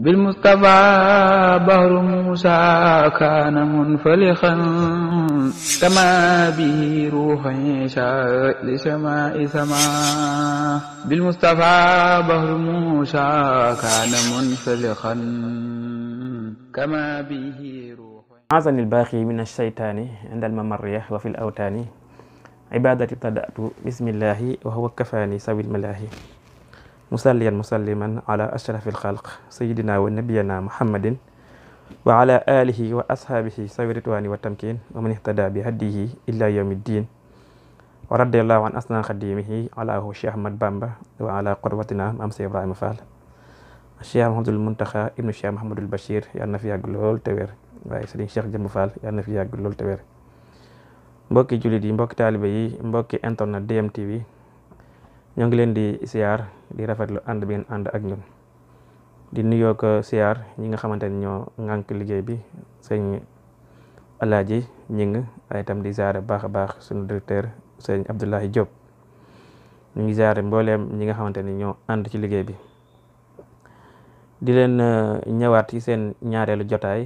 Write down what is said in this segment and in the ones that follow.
بالمصطفى بحر موسى كان منفلخا كما به روح عيسى لسماء سماء بالمصطفى بحر موسى كان منفلخا كما به روح أعزني الباقي من الشيطان عند الممر وفي الأوتان عبادتي ابتدأت بسم الله وهو كفاني سوي الملاهي مصليا مسلما على أشرف الخلق سيدنا ونبينا محمد وعلى آله وأصحابه سوي الرضوان والتمكين ومن اهتدى بهديه إلى يوم الدين ورد الله عن أسنى خديمه على هو الشيخ أحمد بامبا وعلى قدوتنا أمس إبراهيم فال الشيخ محمد المنتخى ابن الشيخ محمد البشير يالنا في يàgg lool te wér waaye sëriñ Cheikh Jëmm Fall yàlla na fi yàgg مبوكي te wér mbokki jullit yi mbokki taalibe yi mbokki internet DMTV ñoo ngi leen di siyaar di rafetlu ànd bi ngeen ànd ak ñun di nuyoo ko siyaar ñi nga xamante ni ñoo ŋànk liggéey bi sëñ Alaaji Ñing ay itam di siyaare baax a baax suñu directeur sëñ Abdoulahi Diop ñu ngi siyaare mbooleem ñi nga xamante ni ñoo ànd ci liggéey bi di leen euh, ñëwaat yi seen ñaareelu jotaay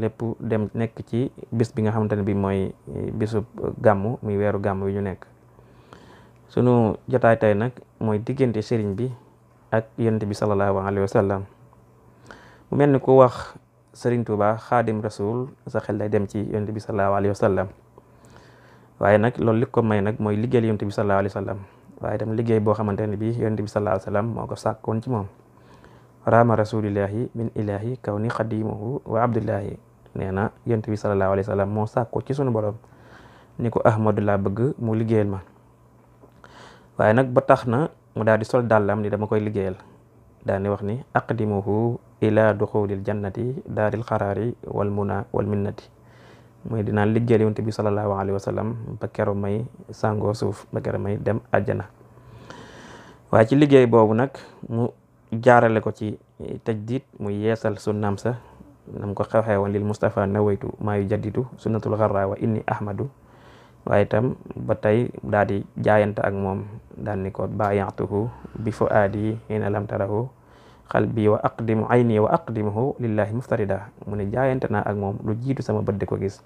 lépp dem nekk ci bis bi nga xamante ne bi mooy euh, bisub gàmmu muy weeru gàmmu wi ñu nekk sunu jotaay tey nag mooy diggante sëriñ bi ak yonent bi sallallahu alayhi wa sallam mu mel ni ku wax sëriñ Tuuba xaadim rasul sa xel lay dem ci yonent bi sallallahu alayhi wa waaye nag loolu li ko may nag mooy liggéeyal yonent bi sallallahu sallam waaye itam liggéey boo xamante ne bii yonent bi sallallahu alayhi wa sallam moo ko sàkkoon ci moom raama rasulillahi min ilahi kaw ni xadimuhu wa nee na yonent bi sallallahu alayhi wa sallam moo sàkko ci sunu borom ni ko ahmadu laa bëgg mu liggéeyal ma waaye nag ba tax na mu daal di sol dàllam ni dama koy liggéeyal daal wax ni aqdimuhu ila duxulil jannati daaril xaraari wal muna wal minnati mooy dinaa liggéeyal yonent bi sallallahu alayhi wa sallam ba may sàngoo suuf ba may dem àjjana waaye ci liggéey boobu nag mu jaarale ko ci tajdid mu yeesal sunnaam sa nam ko xewxee woon lil Mustafa nawaytu maa yu jadditu sunnatul xarra inni ahmadu waaye itam ba tey daal di ak moom daal ni ko baayaatuhu bi fu aadi ina lam tarahu qalbi wa aqdimu ayni wa aqdimuhu lillahi muftarida mu ne jaayante naa ak moom lu jiitu sama bët di ko gis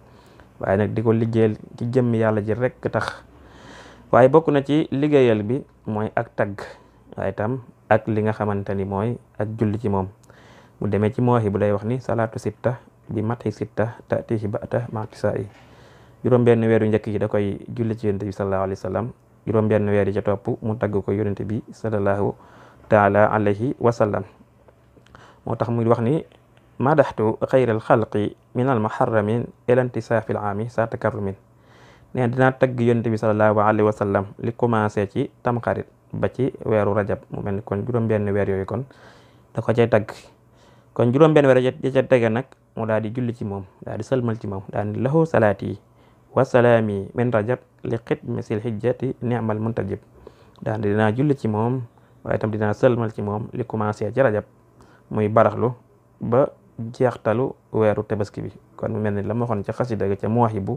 waaye nag di ko liggéeyal ci jëmm yàlla ji rekk tax waaye bokk na ci liggéeyal bi mooy ak tagg waaye itam ak li nga xamante ni mooy ak julli ci moom mu demee ci mooxi bu day wax ni salaatu sitta bi mati sitta tatihi bata matisa yi juróom benn weer yu njëkk yi da koy julli ci yonente bi sallallahu alayhi wa sallam juróom benn weer yi ca topp mu tagg ko yonente bi sallallahu taala alayhi Wasallam. sallam moo tax muy wax ni madaxtu al xalqi min al muharramin ila intisaafi al aami sa takarumin nee dina tagg yonente bi sallallahu alayhi wa sallam li commencé ci tamxarit ba ci weeru rajab mu mel ni kon juróom benn weer yooyu kon da ko cay tagg kon juróom benn weer ya ca tege nag mu daal di julli ci moom daal di sëlmal ci moom daal di lahu salaati wa min rajab liqit misil hijjati ni'mal muntajib dan dina julli ci mom waye tam dina selmal ci mom li commencé ci rajab muy baraxlu ba jeextalu wéru tabaski bi kon mu melni ni la ci waxoon ca ga ca muwahibu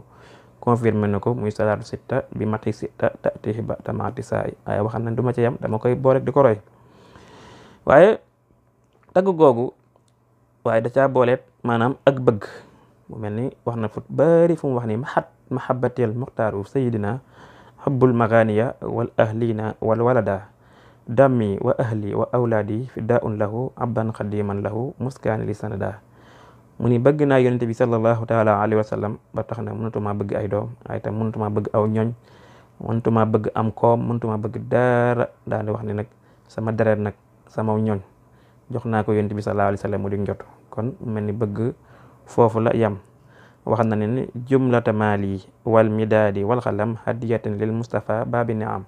confirmer nako muy salatu sita bi mati sita tatihi ba tamaati saay waaye waxam nañ du ma ca yam dama koy boo rek roy waye gogu waye da ca bolet manam ak beug mu mel ni wax na fut bari fu mu wax ni maxat mahabatel muxtaaru sayidina xubbul maganiya wal ahlina wal walada dammi wa ahli wa awlaadi fidaun lahu abban xadiman lahu ni bëgg naa yonente bi sallallahu taala alayhi wa sallam ba tax na mënatuma bëgg ay doom ay tam mënatuma bëgg aw ñooñ mënatuma bëgg am koom mënatuma bëgg dara daal wax ne nag sama deret nag sama ñooñ jox naa ko yonente bi sallallahu wa sallam mu di njot kon mel ni bëgg foofu la yam wax na ne ni jumlata maali wal midaadi wal xalam hadiyatan lil Mustafa baabi niam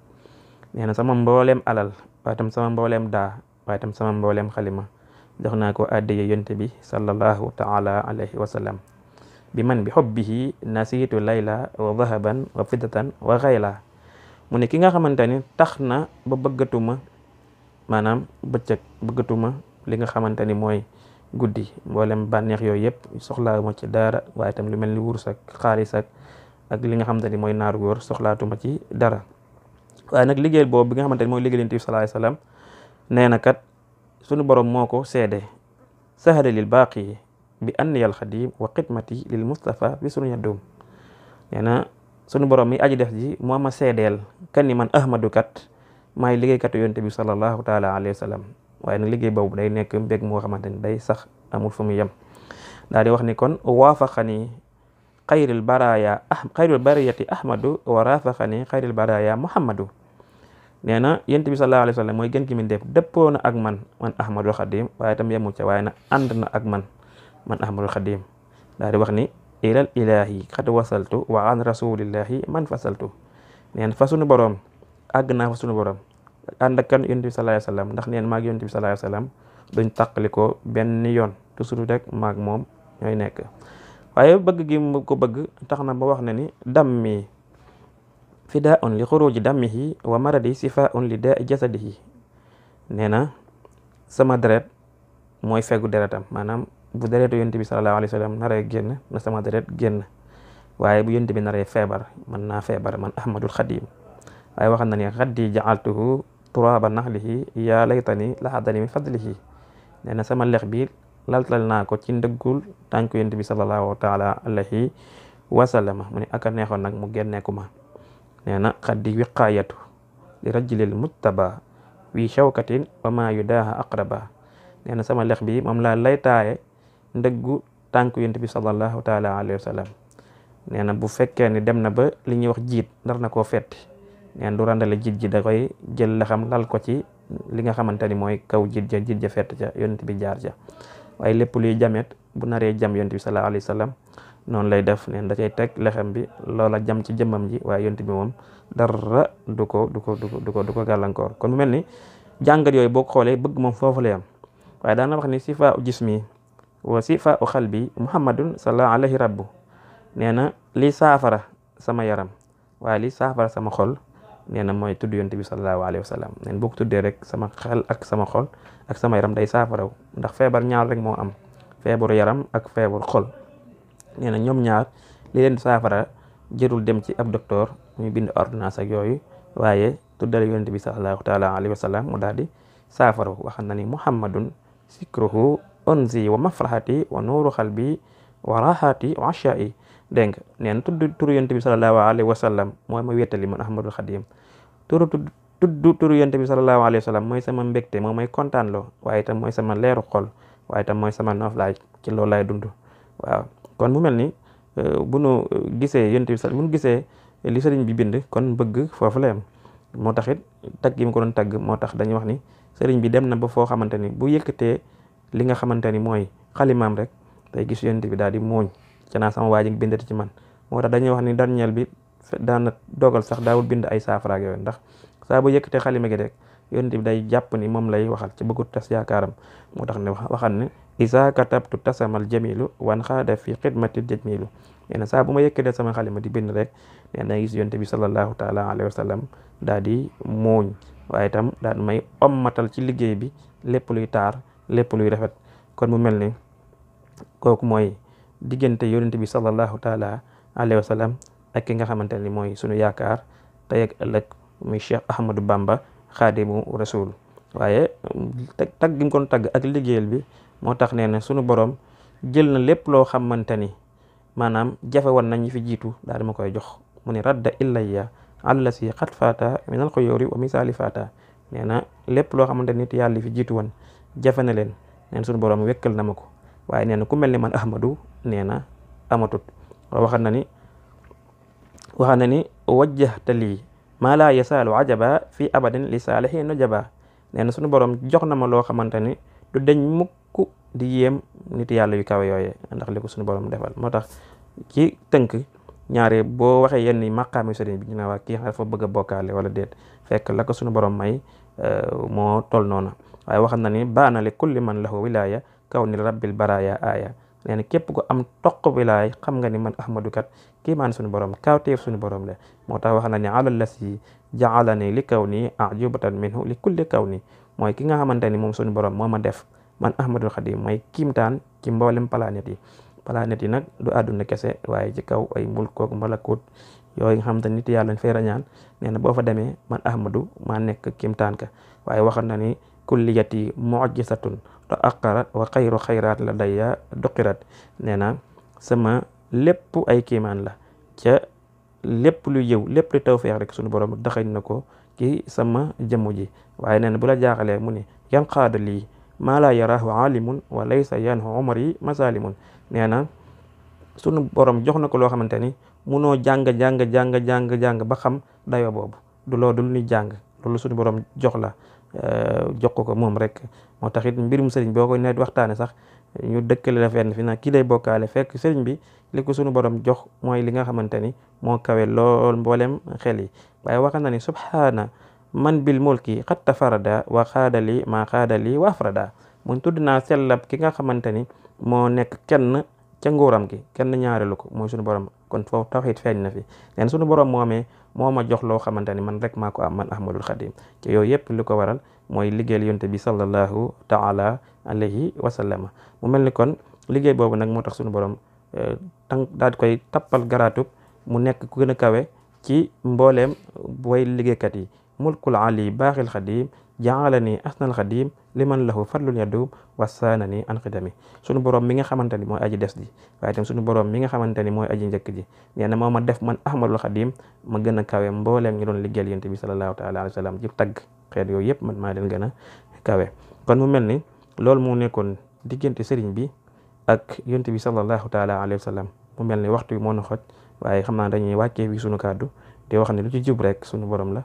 nee na sama mbooleem alal waaye tam sama mbooleem daa waaye tam sama mbooleem xalima jox naa ko addiya yonte bi sallallahu taala alayhi wa bi man bi xobbihi nasiitu layla wa dahaban wa fiddatan wa xayla mu ne ki nga xamante ni tax na ba bëggatuma maanaam bëccëg bëggatuma li nga xamante ni mooy Gudi mboolem bànneex yooyu yep soxlaatuma ci dara waaye tam lu melni ni ak xaalis ak ak li nga xamanteni moy nar naaru góor soxlaatuma ci dara waaye nak liggéeyal bob bi nga xamanteni moy mooy liggéeyal sallallahu alayhi wasallam neena kat sunu borom moko ko sahala lil baqi bi an yal khadim wa qitmati lil Mustafa bi sunu Yadum, neena sunu borom mi aji def ji moma sedel kan ni man ahmadu kat maay kat yonte bi sallallahu taala alayhi wasallam waye nak liggey bobu day nek mbég mo xamanteni day sax amul fu yam dal di wax ni kon wafaqani khairul baraya ah bariyati ahmadu wa rafaqani khairul baraya muhammadu neena na yent bi sallallahu alaihi wasallam moy gën gi min def deppona na ak man man ahmadu khadim waye tam yemul ci waye na and na ak man man ahmadu khadim dal di wax ni ilal ilahi qad wasaltu wa an rasulillahi man fasaltu neen fasunu borom agna fasunu borom andakan ak kan bi sallallahu alayhi wasallam ndax neen mag yonent bi sallallahu alayhi wasallam duñ tàqali ko yon yoon toujours rek mag mom ñoy nek waye bëgg gi mu ko bëgg taxna ba wax na ni dammi fidaun li khuruj dammihi wa maradi sifaun li da'i jasadihi neena sama deret moy fegu deretam manam bu deretu yonent bi sallallahu alayhi wasallam nare genn na sama deret genn waye bu yonent bi nare febar man na febar man ahmadul Khadim waaye wax na ni xaddi jaaltuhu turaaba naxlihi yaa laytani laxadani min fadlihi nee na sama lex bi laltal naa ko ci ndëggul tànk yonent bi sallallahu taala alayhi wa mu ne aka neexoon nag mu génneeku ma nee na xaddi wiqaayatu li rajulil mujtaba wi shawkatin wa ma yudaaha aqraba nee sama lex bi moom laa laytaaye ndëggu tànk yonent bi sallallahu taala alayhi wa bu fekkee ne dem na ba li ñuy wax jiit ndar na koo fetti neen du ràndale jiit ji da koy jël la xam lal ko ci li nga xamante moy kaw jiit ja jiit ja yonent bi jaar ja lepp luy jamet bu jam yonent bi sallallahu alaihi wasallam non lay def neen da lexem bi jam ci jëmam ji waaye yonent bi mom dara duko duko duko ko du ko du ko gàllankoor kon mu melni jangal yoy bok boo bëgg moom foofu lay am da na wax ni sifa jismi wa sifa u muhammadun sallallahu alaihi rabbu neena li safara sama yaram wa li safara sama xol nee na mooy tudd yonent bi sallallahu alayhi wa sallam neen boo ko tuddee rek sama xel ak sama xol ak sama yaram day saafaraw ndax feebar ñaar rek moo am feebaru yaram ak feebar xol nee na ñoom ñaar leen saafara jërul dem ci ab docteur muy bind ordonnance ak yooyu waaye tuddal yon bi sallallahu taala alayhi wa sallam mu daal di saafaraw na ni muhammadun sikruhu unzi wa mafrahati wa nuuru xalbi wa rahati wa ashai dégg nga nee na tudd turu yonent bi salallaahu alayhi wa sallam mooy ma wéttali man ahmadul xadim turu tudd turu yonent bi salallaahu alayhi wa sallam mooy sama mbégte moo may kontaan loo waaye itam mooy sama leeru xol waaye tam mooy sama nooflaay ci loolu laay dund waaw kon mu mel ni euh, bu nu gisee yonent bi bu nu gisee li sëriñ bi bind kon bëgg foofu la yem moo tax it tagg yi mu ko doon tagg moo tax dañuy wax ni sëriñ bi dem na ba foo xamante ni bu yëkkatee li nga xamante ni mooy xalimaam rek tey gis yonent bi daal di mooñ ci na sama waji ji ci man mo tax dañuy wax ni daan bi da na dogal sax daawul bind ay safara gëw ndax sa bu yëkëte xalima gi rek yonent bi day japp ni mom lay waxal ci bëggu tass yaakaram mo tax ni waxal ni iza katabtu tasamal jamilu wan xaada fi khidmati jamilu ina sa bu ma yëkëte sama xalima di bind rek ne na gis yonent bi sallallahu taala alayhi wa sallam daa di mooñ waaye may ommatal ci liggey bi lepp luy tar lepp luy rafet kon mu melni ni moy diggante yonent bi sallallahu taala alayhi wa sallam ak ki nga xamante ne mooy sunu yaakaar tey ak ëllëg muy Cheikh Ahmadou Bamba xaadimu rasul waaye tag gi kon tagg ak liggéeyal bi moo tax nee na sunu borom jël na lépp loo xamante ni maanaam jafe woon nañ ñu fi jiitu daal di koy jox mu ne radda illayya alla si xat fata min al xuyóori wa misaali fata nee na lépp loo xamante nit yàlla fi jiitu woon jafe na leen neen sunu borom wekkal na ma ko waye nee anu ku melni man ahmadu nee amatut waxat na ni waxat na ni wajjahta lii maa laa yasaalu ajaba fi abadin li salihi najaba nee sunu borom joxna ma lo xamanteni du deñ mukk di yem nit yalla yu kaw yoyé ndax li sunu borom defal motax tax ci ñaare bo waxe yenn serigne bi wa ki xal fa bëgg bokalé wala déet fekk la ko sunu borom may euh, moo tol nona waaye waxam na ni baana kulli man lahu wilaya kaw ni rabbil baraya aya nee képp am tok wilay xam nga ni man ahmadu kat man suñu borom teef suñu borom le moo wax na ni ala lasi si jaalani li kaw ajubatan minhu li kulli kaw nii ki nga xamanteni mom moom suñu borom moma def man ahmadul khadim moy kimtan ci mboolem planète yi planète yi nak du aduna kese waye ci kaw ay mulkoog malakut yooyu nga xamanteni nit yàlla fay rañaan bo fa man ahmadu ma nekk kimtan ka waye waxal na ni kulliyati mu'jisatun akarat wa xayru xayraat la daya duqirat sama lepp ay kiman la ca lepp lu yew lepp lu tawfiq rek sunu borom daxañ nako ki sama jëmm ji waaye nee na bu la jaaxalee mu ne yan xaada ma la yarahu alimun wa laysa yanhu umri masalimun nee sunu borom jox nako lo xamanteni muno jang jang jang jang jang ba xam dayo bobu du lo dul ni jang sunu borom jox la Eh, jox ko ko moom rek moo tax it mu sëriñ boo ko nawet waxtaane sax ñu dëkkale la fenn fi nag ki lay bokkaale fekk serigne bi li ko sunu borom jox moy li nga xamanteni mo kawé lol lool xel yi waaye wax na ni subhana man bil mulki xatta farada wa xaadali maa xaadali wa afrada mun tudna naa ki nga xamanteni mo nek nekk kenn ci ngoram gi kenn ñaareelu ko mooy sunu borom kon fo tawxiit fenn na fi len sunu borom momé moo ma jox loo xamante ni man rek maa ko am man ahmadul xadim te yooyu yëpp lu ko waral mooy liggéeyal yonte bi sallallahu taala alayhi wa sallama mu mel ni kon liggéey boobu nag moo tax suñu borom eh, tan daal koy tappal garaatub mu nekk ku gën a kawe ci mbooleem way liggéeykat yi mulkul ali baaxil xadim jaalani asnal xadim liman lahu fadlun yadum wasaanani an xidami sunu borom mi nga xamante ni mooy aji des di waaye itam borom mi nga xamante ni mooy aji njëkk ji nee na moo ma def man ahmadul xadim ma gën a kawe mbooleem ñu doon liggéeyal yonent bi salallaahu taala alayhi wa sallam ji tagg xeet yooyu yëpp man maa leen gën a kawe kon mu mel ni loolu moo nekkoon diggante sëriñ bi ak yonent bi salallaahu taala alayhi wa sallam mu mel ni waxtu bi moo na xoj waaye xam naa dañuy wàccee wi sunu kàddu te wax ne lu ci jub rek sunu borom la